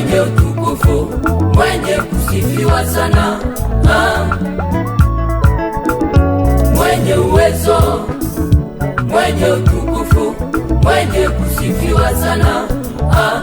mwenye utukufu, mwenye kusifiwa sana ha, mwenye uwezo, mwenye utukufu, mwenye kusifiwa sana ha,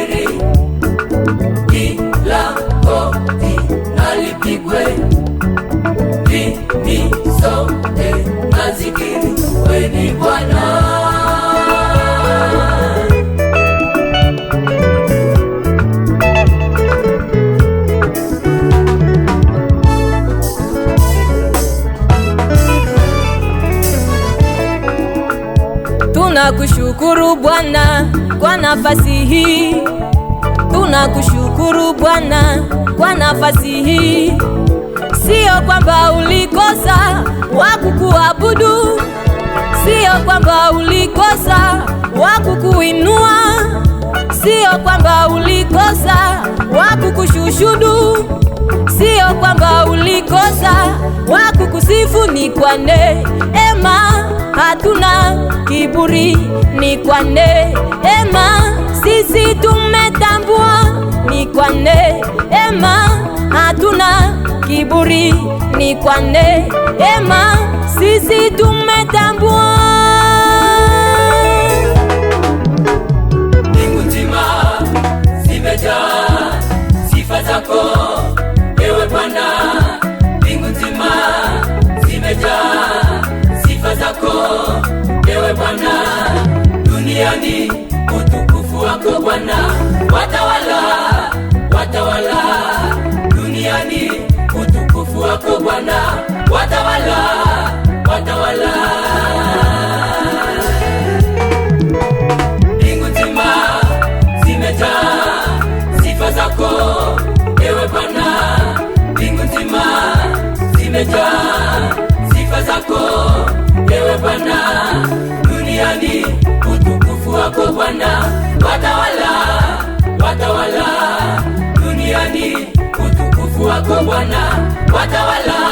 ni Bwana. Tunakushukuru Bwana kwa nafasi hii, tunakushukuru Bwana kwa nafasi hii. Sio kwamba ulikosa wakukuabudu Sio kwamba ulikosa wakukuinua, sio kwamba ulikosa wakukushushudu, sio kwamba ulikosa wakukusifu. Ni kwane ema, hatuna kiburi. Ni kwane ema, sisi tumetambua. Ni kwane ema, hatuna kiburi ni kwa neema, sisi tumetambua zimejaa sifa zako ewe Bwana, duniani utukufu wako Bwana. Watawala, watawala duniani utukufu wako Bwana, watawala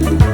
it.